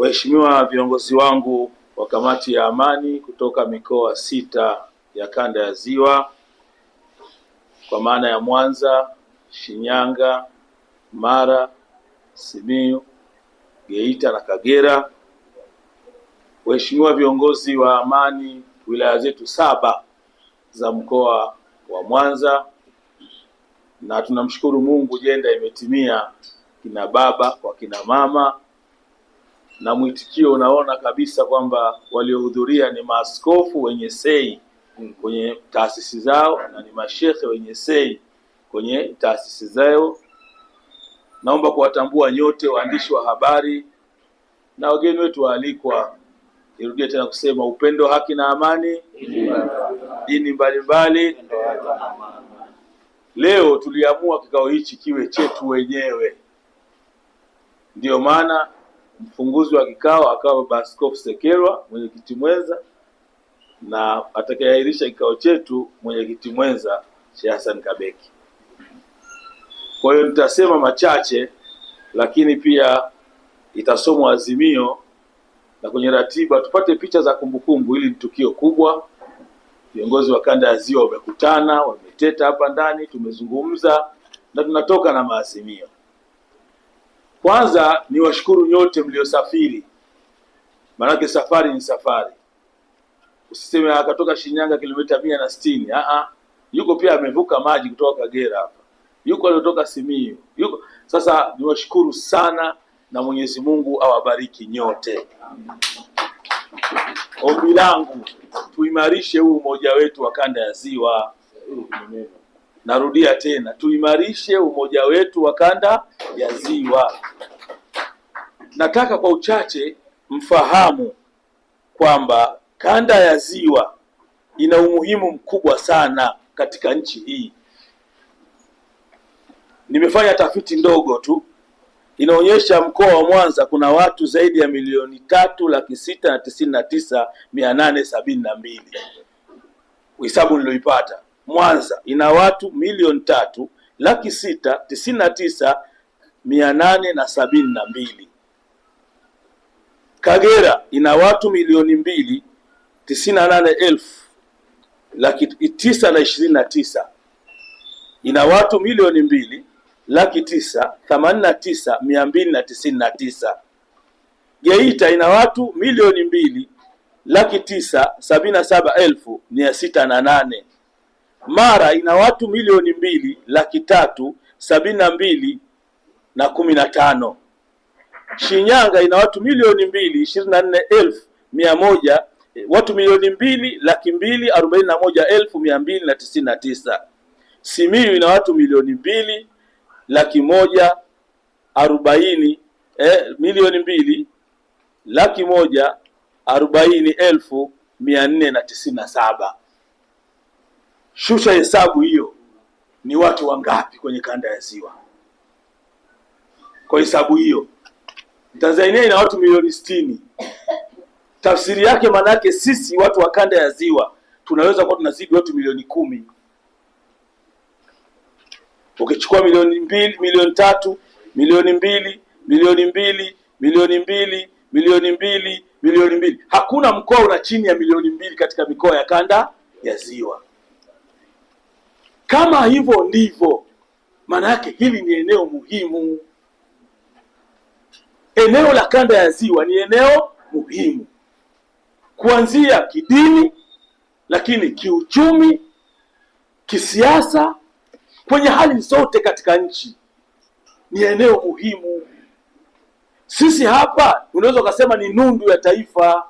Waheshimiwa viongozi wangu wa kamati ya amani kutoka mikoa sita ya kanda ya Ziwa kwa maana ya Mwanza, Shinyanga, Mara, Simiyu, Geita na Kagera. Waheshimiwa viongozi wa amani wilaya zetu saba za mkoa wa Mwanza, na tunamshukuru Mungu, jenda imetimia kina baba kwa kina mama na mwitikio unaona kabisa kwamba waliohudhuria ni maaskofu wenye sei kwenye taasisi zao na ni mashekhe wenye sei kwenye taasisi zao. Naomba kuwatambua nyote waandishi wa habari na wageni wetu waalikwa. Nirudie tena kusema upendo, haki na amani, dini mbalimbali. Leo tuliamua kikao hichi kiwe chetu wenyewe, ndiyo maana mfunguzi wa kikao akawa Baba Askofu Sekerwa, mwenyekiti mwenza, na atakayeahirisha kikao chetu mwenyekiti mwenza Sheikh Hassan Kabeki. Kwa hiyo nitasema machache, lakini pia itasomwa azimio na kwenye ratiba tupate picha za kumbukumbu. Hili ni tukio kubwa. Viongozi wa kanda ya Ziwa wamekutana, wameteta hapa ndani, tumezungumza na tunatoka na maazimio. Kwanza ni washukuru nyote mliosafiri, maanake safari ni safari. Usiseme akatoka Shinyanga kilomita mia na sitini. Aa, yuko pia amevuka maji kutoka Kagera hapa, yuko aliotoka Simiyu, yuko sasa. Ni washukuru sana na Mwenyezi Mungu awabariki nyote. Ombi langu tuimarishe huu umoja wetu wa kanda ya Ziwa. Narudia tena, tuimarishe umoja wetu wa kanda ya Ziwa. Nataka kwa uchache mfahamu kwamba kanda ya Ziwa ina umuhimu mkubwa sana katika nchi hii. Nimefanya tafiti ndogo tu, inaonyesha mkoa wa Mwanza kuna watu zaidi ya milioni tatu laki sita na tisini na tisa mia nane sabini na mbili, hesabu niloipata Mwanza ina watu milioni tatu laki sita tisini na tisa mia nane na sabini na mbili. Kagera ina watu milioni mbili tisini na nane elfu laki tisa na ishirini na tisa ina watu milioni mbili laki tisa themanini na tisa mia mbili na tisini na tisa. Geita ina watu milioni mbili laki tisa sabini na saba elfu mia sita na nane. Mara ina watu milioni mbili laki tatu sabini na mbili na kumi na tano. Shinyanga ina watu milioni mbili ishirini na nne elfu mia moja watu milioni mbili laki mbili arobaini na moja elfu mia mbili na tisini na tisa. Simiyu ina watu milioni mbili laki moja arobaini eh, milioni mbili laki moja arobaini elfu mia nne na tisini na saba. Shusha hesabu hiyo, ni watu wangapi kwenye kanda ya Ziwa? Kwa hesabu hiyo, Tanzania ina watu milioni sitini. Tafsiri yake maanake sisi watu wa kanda ya Ziwa tunaweza kuwa tunazidi watu milioni kumi ukichukua milioni mbili, milioni tatu, milioni mbili, milioni mbili, milioni mbili, milioni mbili, milioni mbili. Hakuna mkoa una chini ya milioni mbili katika mikoa ya kanda ya Ziwa. Kama hivyo ndivyo, maana yake hili ni eneo muhimu. Eneo la kanda ya ziwa ni eneo muhimu kuanzia kidini, lakini kiuchumi, kisiasa, kwenye hali zote katika nchi ni eneo muhimu. Sisi hapa unaweza ukasema ni nundu ya taifa.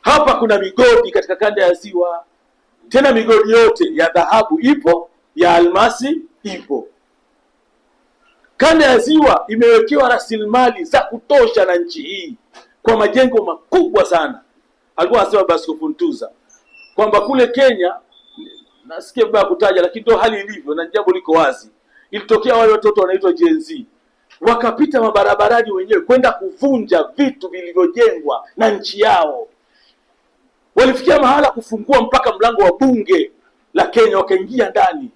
Hapa kuna migodi katika kanda ya ziwa tena migodi yote ya dhahabu ipo, ya almasi ipo. Kanda ya ziwa imewekewa rasilimali za kutosha na nchi hii kwa majengo makubwa sana. Alikuwa anasema Baskofu Ntuza kwamba kule Kenya, nasikia vibaya kutaja, lakini ndio hali ilivyo na jambo liko wazi. Ilitokea wale watoto wanaitwa Gen Z wakapita mabarabarani wenyewe kwenda kuvunja vitu vilivyojengwa na nchi yao. Walifikia mahala kufungua mpaka mlango wa bunge la Kenya, wakaingia ndani.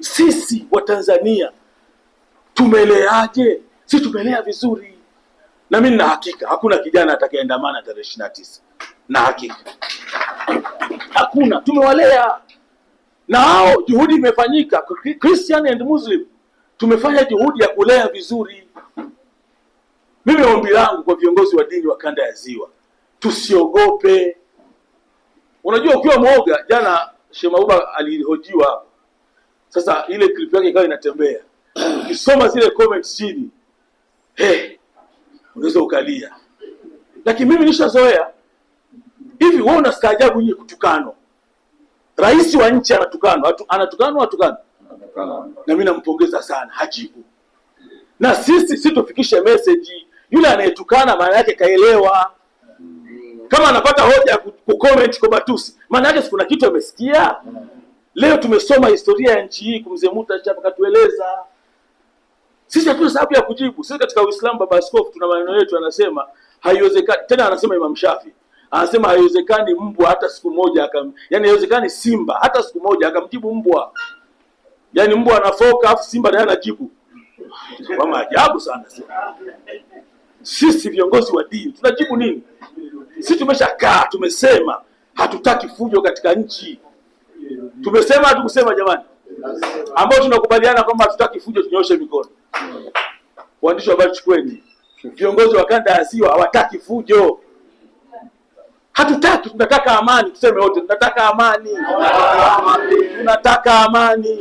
Sisi Watanzania tumeleaje? Si tumelea vizuri, na mimi nina hakika hakuna kijana atakayeandamana tarehe ishirini na tisa na hakika hakuna. Tumewalea na hao, juhudi imefanyika Christian and Muslim, tumefanya juhudi ya kulea vizuri. Mimi ombi langu kwa viongozi wa dini wa kanda ya Ziwa, tusiogope. Unajua, ukiwa mwoga, jana Shemauba alihojiwa hapo, sasa ile clip yake ikawa inatembea, ukisoma zile comments chini, hey, unaweza ukalia, lakini mimi nishazoea hivi. Wewe unastaajabu nyinyi kutukano, rais wa nchi anatukano, anatukano, atukanwa na mimi nampongeza sana, hajibu na sisi situfikishe message yule anayetukana maana yake kaelewa. Kama anapata hoja ya kucomment kwa matusi, maana yake kuna kitu amesikia. Leo tumesoma historia ya nchi hii, kumzee chapa katueleza Sisi hatuna sababu ya kujibu. Sisi katika Uislamu, baba askofu, tuna maneno yetu, anasema haiwezekani tena, anasema Imam Shafi anasema haiwezekani mbwa hata siku moja akam, yani haiwezekani simba hata siku moja akamjibu mbwa, yani mbwa anafoka afu simba naye anajibu. Kwa maajabu sana sasa sisi viongozi wa dini tunajibu nini? Sisi tumeshakaa tumesema hatutaki fujo katika nchi, tumesema hatukusema jamani, ambao tunakubaliana kwamba hatutaki fujo, tunyooshe mikono. Waandishi wa habari, chukueni, viongozi wa kanda ya Ziwa hawataki fujo, hatutaki, tunataka amani. Tuseme wote tunataka amani, tunataka amani,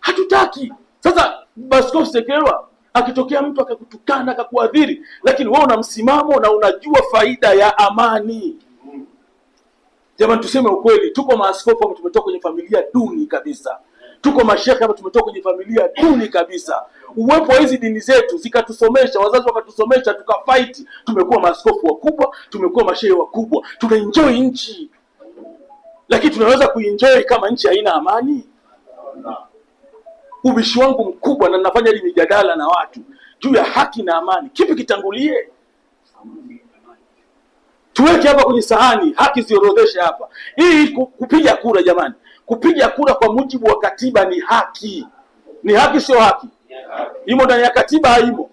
hatutaki. Sasa Baskofu Sekelwa akitokea mtu akakutukana akakuadhiri, lakini wewe una msimamo na unajua faida ya amani. Jamani, tuseme ukweli, tuko maaskofu ambao tumetoka kwenye familia duni kabisa, tuko mashehe ambao tumetoka kwenye familia duni kabisa. Uwepo wa hizi dini zetu zikatusomesha, wazazi wakatusomesha, tukafight, tumekuwa maaskofu wakubwa, tumekuwa mashehe wakubwa, tunaenjoy nchi, lakini tunaweza kuenjoy kama nchi haina amani? ubishi wangu mkubwa, na nafanya hili mijadala na watu juu ya haki na amani, kipi kitangulie? Tuweke hapa kwenye sahani, haki ziorodheshe hapa. Hii kupiga kura, jamani, kupiga kura kwa mujibu wa katiba ni haki. Ni haki, sio haki? Imo ndani ya katiba, haimo?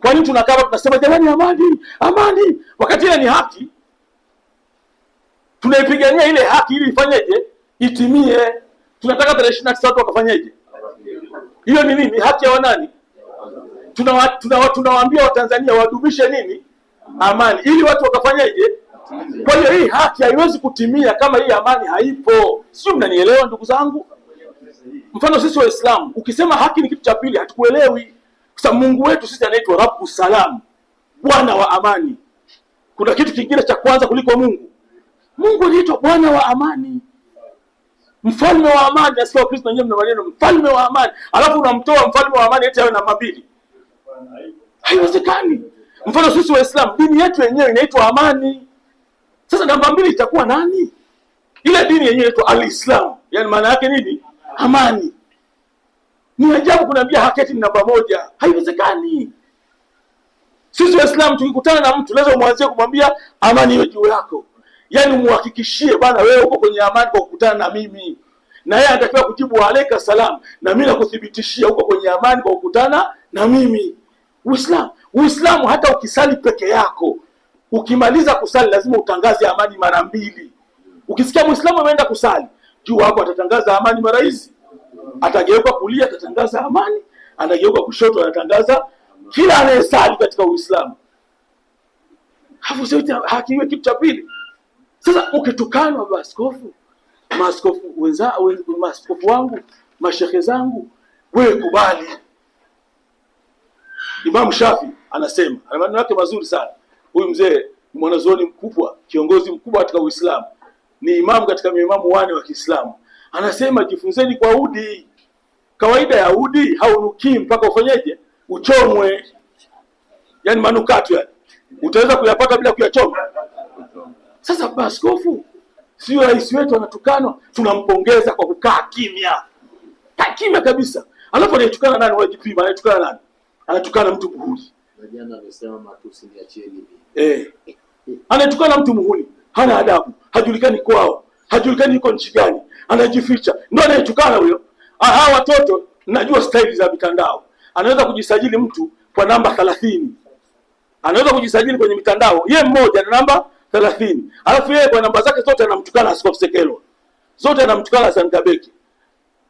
Kwa nini tunakaa tunasema jamani, amani amani, wakati ile ni haki? Tunaipigania ile haki ili ifanyeje? Itimie. Tunataka tarehe ishirini na tisa watu wakafanyeje? Hiyo ni nini? Haki ya wanani? Tunawaambia tuna, tuna Watanzania wadumishe nini? Amani, ili watu wakafanyaje? Kwa hiyo hii haki haiwezi kutimia kama hii amani haipo, sio? Mnanielewa ndugu zangu? Mfano sisi Waislamu, ukisema haki ni kitu cha pili, hatukuelewi kwa sababu Mungu wetu sisi anaitwa Rabbu Salam, Bwana wa amani. Kuna kitu kingine cha kwanza kuliko Mungu? Mungu anaitwa Bwana wa amani mfalme wa amani. Nasikia Wakristo wenyewe mna maneno mfalme wa amani, alafu unamtoa mfalme wa amani eti awe na mabili. Haiwezekani. Mfano sisi Waislamu dini yetu yenyewe inaitwa amani. Sasa namba mbili itakuwa nani? Ile dini yenyewe inaitwa Alislam, yani maana yake nini? Amani. Ni ajabu kuniambia haketi namba moja, haiwezekani. Sisi Waislamu tukikutana na mtu lazima umwanzie kumwambia amani iwe juu yako yani muhakikishie bana, wewe uko kwenye amani kwa kukutana na mimi, na yeye anatakiwa kujibu wa alaika salam, na mimi nakuthibitishia uko kwenye amani kwa kukutana na mimi. Uislamu, Uislamu hata ukisali peke yako, ukimaliza kusali lazima utangaze amani mara mbili. Ukisikia muislamu ameenda kusali, jua hapo atatangaza amani mara hizi. Atageuka kulia, atatangaza amani, anageuka kushoto, anatangaza kila anayesali katika Uislamu. Hafu sio hakiwe kitu cha pili. Sasa ukitukanwa maaskofu maaskofu wenza maaskofu wangu mashehe zangu, wewe kubali. Imam Shafi anasema ana maneno yake mazuri sana. Huyu mzee ni mwanazuoni mkubwa, kiongozi mkubwa katika Uislamu, ni imamu katika maimamu wane wa Kiislamu. Anasema jifunzeni kwa udi. Kawaida ya udi haunuki mpaka ufanyeje? Uchomwe, yani manukato, yani utaweza kuyapata bila kuyachoma? Sasa baskofu sio rais wetu, anatukanwa, tunampongeza kwa kukaa kimya, kakimya kabisa. Alafu anaitukana nani? YGP anaitukana nani? Anatukana mtu muhuni. Jana amesema matusi niachieni eh, anaitukana mtu muhuni, hana adabu, hajulikani kwao, hajulikani yuko nchi gani, anajificha, ndio anaitukana huyo. Hawa watoto najua staili za mitandao, anaweza kujisajili mtu kwa namba thelathini, anaweza kujisajili kwenye mitandao ye mmoja na namba thelathini. Alafu yeye kwa namba zake zote anamtukana Askofu Sekelo, zote anamtukana Hassan Kabeki.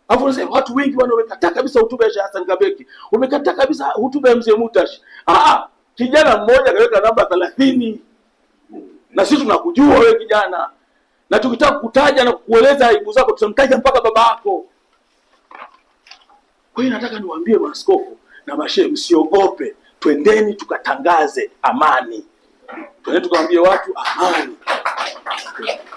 Alafu unasema watu wengi wana wamekataa kabisa hotuba ya Hassan Kabeki, umekataa kabisa hotuba ya mzee Mutash. Ah, kijana mmoja akaweka namba thelathini, na sisi tunakujua wewe kijana, na tukitaka kukutaja na kukueleza aibu zako tutamtaja mpaka baba yako. Kwa hiyo nataka niwaambie maaskofu na mashehe, msiogope, twendeni tukatangaze amani tuende tukawaambie watu amani,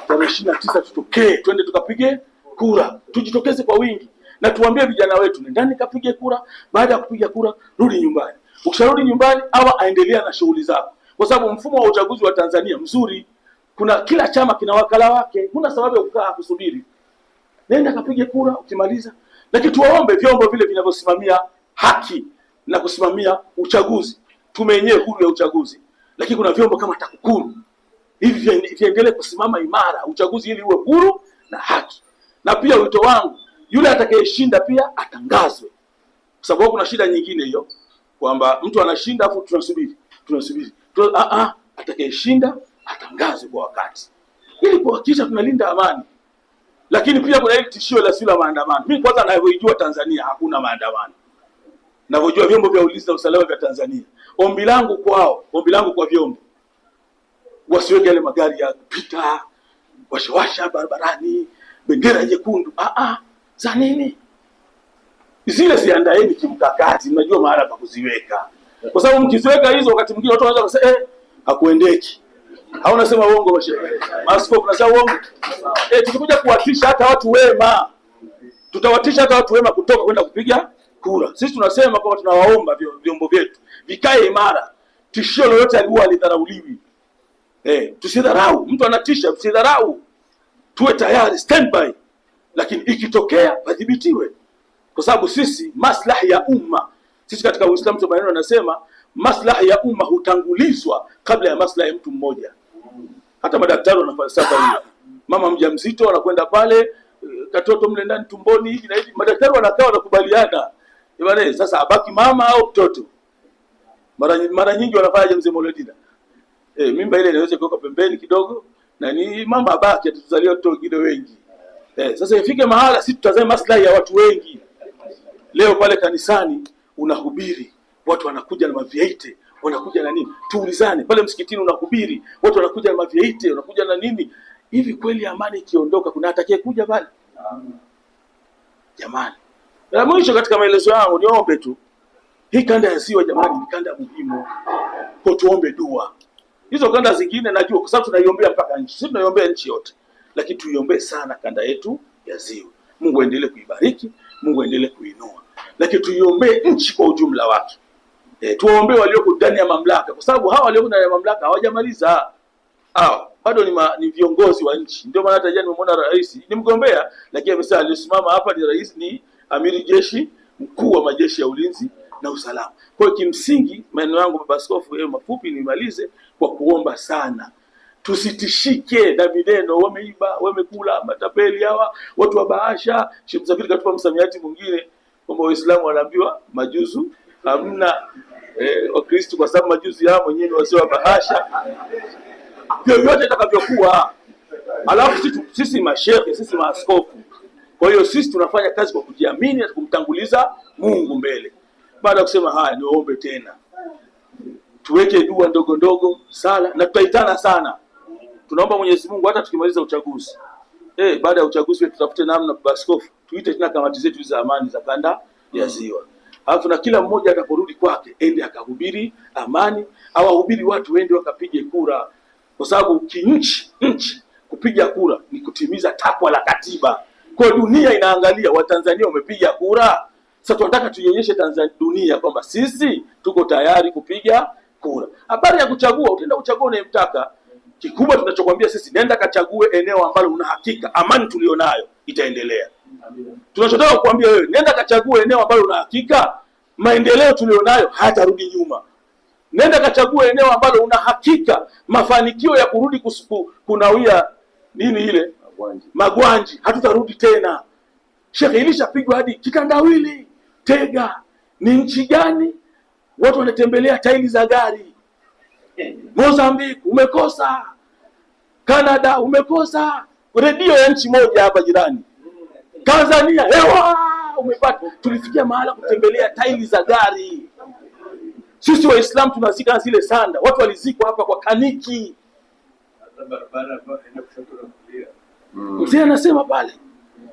tarehe ishirini na tisa tutokee, twende tukapige kura, tujitokeze kwa wingi na tuambie vijana wetu, nendani kapige kura. Baada ya kupiga kura, rudi nyumbani. Ukisharudi nyumbani, awa aendelea na shughuli zako, kwa sababu mfumo wa uchaguzi wa Tanzania mzuri, kuna kila chama kina wakala wake, Kuna sababu ya kukaa kusubiri. Nenda kapige kura, ukimaliza. Lakini tuwaombe vyombo vile vinavyosimamia haki na kusimamia uchaguzi, tume yenyewe huru ya uchaguzi lakini kuna vyombo kama TAKUKURU hivi viendelee kusimama imara, uchaguzi ili uwe huru na haki. Na pia wito wangu, yule atakayeshinda pia atangazwe, kwa sababu kuna shida nyingine hiyo kwamba mtu anashinda afu tunasubiri tunasubiri Tuna, a ah, a ah, atakayeshinda atangazwe kwa wakati, ili kuhakikisha tunalinda amani. Lakini pia kuna ile tishio la sila maandamano. Mimi kwanza, ninavyojua Tanzania hakuna maandamano, ninavyojua vyombo vya ulinzi na usalama vya Tanzania Ombi langu kwao, ombi langu kwa vyombo, wasiweke yale magari ya kupita washawasha barabarani, bendera nyekundu. Ah, ah za nini zile? Ziandaeni kimkakati, mnajua mahala pa kuziweka, kwa sababu mkiziweka hizo, wakati mwingine watu wanaweza kusema eh, hakuendeki au nasema uongo. maaskofu, nasema uongo eh? Tukikuja kuwatisha hata watu wema, tutawatisha hata watu wema kutoka kwenda kupiga kura. Sisi tunasema kwamba tunawaomba vyombo vyetu vikae imara, tishio lolote alikuwa alidharauliwi. Eh, tusidharau mtu anatisha, tusidharau, tuwe tayari standby, lakini ikitokea wadhibitiwe, kwa sababu sisi maslahi ya umma, sisi katika Uislamu tu maneno anasema maslahi ya umma hutangulizwa kabla ya maslahi ya mtu mmoja. Hata madaktari wana falsafa hiyo. Mama mjamzito anakwenda pale, eh, katoto mle ndani tumboni, hivi na hivi, madaktari wanakaa wanakubaliana Ibane, sasa abaki mama au mtoto? Mara mara nyingi wanafanya jamzi Maulidina. Eh, mimba ile inaweza kuoka pembeni kidogo na ni mama abaki atuzalia watoto wengine wengi. Eh, sasa ifike mahala si tutazame maslahi ya watu wengi. Leo pale kanisani unahubiri, watu wanakuja na maviaite, wanakuja na nini? Tuulizane, pale msikitini unahubiri, watu wanakuja na maviaite, wanakuja na nini? Hivi kweli amani ikiondoka kuna atakayekuja pale? Amen. Jamani. Na mwisho katika maelezo yangu niombe tu, hii kanda ya ziwa jamani, ni kanda muhimu kwa, tuombe dua hizo. Kanda zingine najua kwa sababu tunaiombea mpaka nchi, sisi tunaiombea nchi yote, lakini tuiombee sana kanda yetu ya ziwa. Mungu aendelee kuibariki, Mungu aendelee kuinua, lakini tuiombee nchi kwa ujumla wake. E, tuwaombee walioko ndani ya mamlaka, kwa sababu hawa walioko ndani ya mamlaka hawajamaliza hao bado ni, ma, ni viongozi wa nchi. Ndio maana hata jana nimemwona rais ni mgombea, lakini amesema aliyosimama hapa ni rais ni amiri jeshi mkuu wa majeshi ya ulinzi na usalama. Kwa hiyo kimsingi, maneno yangu baba askofu yeye eh, mafupi, nimalize kwa kuomba sana tusitishike na mineno, wameiba, wamekula, matapeli hawa watu wa bahasha. Sheikh Msafiri katupa msamiati mwingine kwamba Waislamu wanaambiwa majuzu hamna eh, Wakristo kwa sababu majuzi yao mwenyewe ni wasio wa bahasha, vyovyote itakavyokuwa. Alafu sisi mashehe, sisi maaskofu kwa hiyo sisi tunafanya kazi kwa kujiamini na kumtanguliza Mungu mbele. Baada ya kusema haya, niwaombe tena tuweke dua ndogo ndogo, sala na tutaitana sana. Tunaomba Mwenyezi Mungu hata tukimaliza uchaguzi eh, baada ya uchaguzi tutafute namna baskofu, tuite tena kamati zetu za amani za kanda ya Ziwa, alafu na kila mmoja atakaporudi kwake ende akahubiri amani, awahubiri watu wende wakapige kura, kwa sababu kinchi nchi kupiga kura ni kutimiza takwa la katiba kwa dunia inaangalia, Watanzania wamepiga kura. Sasa tunataka tuionyeshe dunia kwamba sisi tuko tayari kupiga kura. Habari ya kuchagua, utaenda kuchagua unayemtaka. Kikubwa tunachokwambia sisi, nenda kachague eneo ambalo una hakika amani tulionayo itaendelea. Tunachotaka kukwambia wewe, nenda kachague eneo ambalo una hakika maendeleo tulionayo hayatarudi nyuma. Nenda kachague eneo ambalo una hakika mafanikio ya kurudi kunawia nini ile Magwanji, Magwanji hatutarudi tena. Shekhe, ilishapigwa hadi kitandawili Tega ni nchi gani? Watu wanatembelea taili za gari. Mozambique umekosa, Canada umekosa, redio ya nchi moja hapa jirani Tanzania hewa umepata. Tulifikia mahala kutembelea taili za gari. Sisi Waislamu tunazika zile sanda, watu walizikwa hapa kwa kaniki Mm. Mzee anasema pale.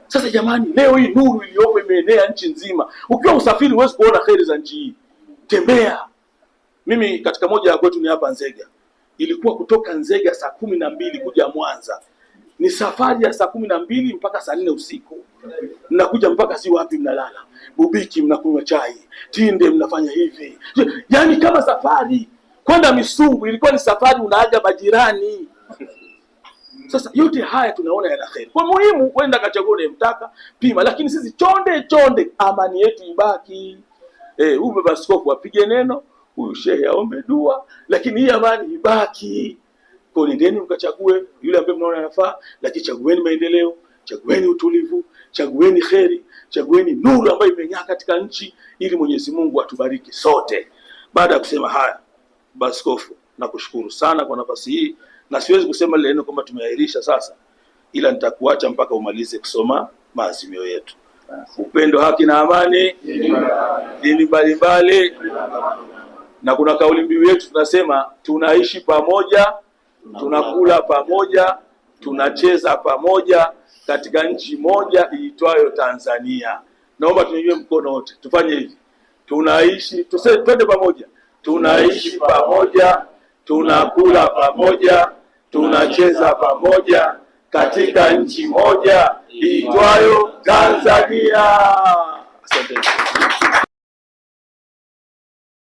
Sasa jamani, leo hii nuru iliyopo imeenea nchi nzima. Ukiwa usafiri huwezi kuona heri za nchi hii, tembea. Mimi katika moja ya kwetu ni hapa Nzega, ilikuwa kutoka Nzega saa kumi na mbili kuja Mwanza ni safari ya saa kumi na mbili mpaka saa nne usiku, mnakuja mpaka si wapi, mnalala Bubiki, mnakunywa chai Tinde, mnafanya hivi, yaani kama safari kwenda Misungu ilikuwa ni safari, unaaga majirani. Sasa yote haya tunaona yana kheri. Kwa muhimu, wenda kachagua unayemtaka, pima, lakini sisi chonde chonde, amani yetu ibaki. Eh, huyu baba askofu apige neno, huyu shehe aombe dua, lakini hii amani ibaki. Kwa nendeni mkachague yule ambaye mnaona anafaa, lakini chagueni maendeleo, chagueni utulivu, chagueni kheri, chagueni nuru ambayo imeng'aa katika nchi, ili Mwenyezi Mungu atubariki sote. Baada ya kusema haya, Baskofu, nakushukuru sana kwa nafasi hii na siwezi kusema lile neno kwamba tumeahirisha sasa, ila nitakuacha mpaka umalize kusoma maazimio yetu. Upendo, haki na amani, dini mbalimbali. Na kuna kauli mbiu yetu tunasema, tunaishi pamoja, tunakula pamoja, tunacheza pamoja katika nchi moja iitwayo Tanzania. Naomba tunyanyue mkono wote tufanye hivi, tunaishi twende pamoja, tunaishi pamoja, tunakula pamoja tunacheza pamoja katika nchi moja iitwayo Tanzania. Asante.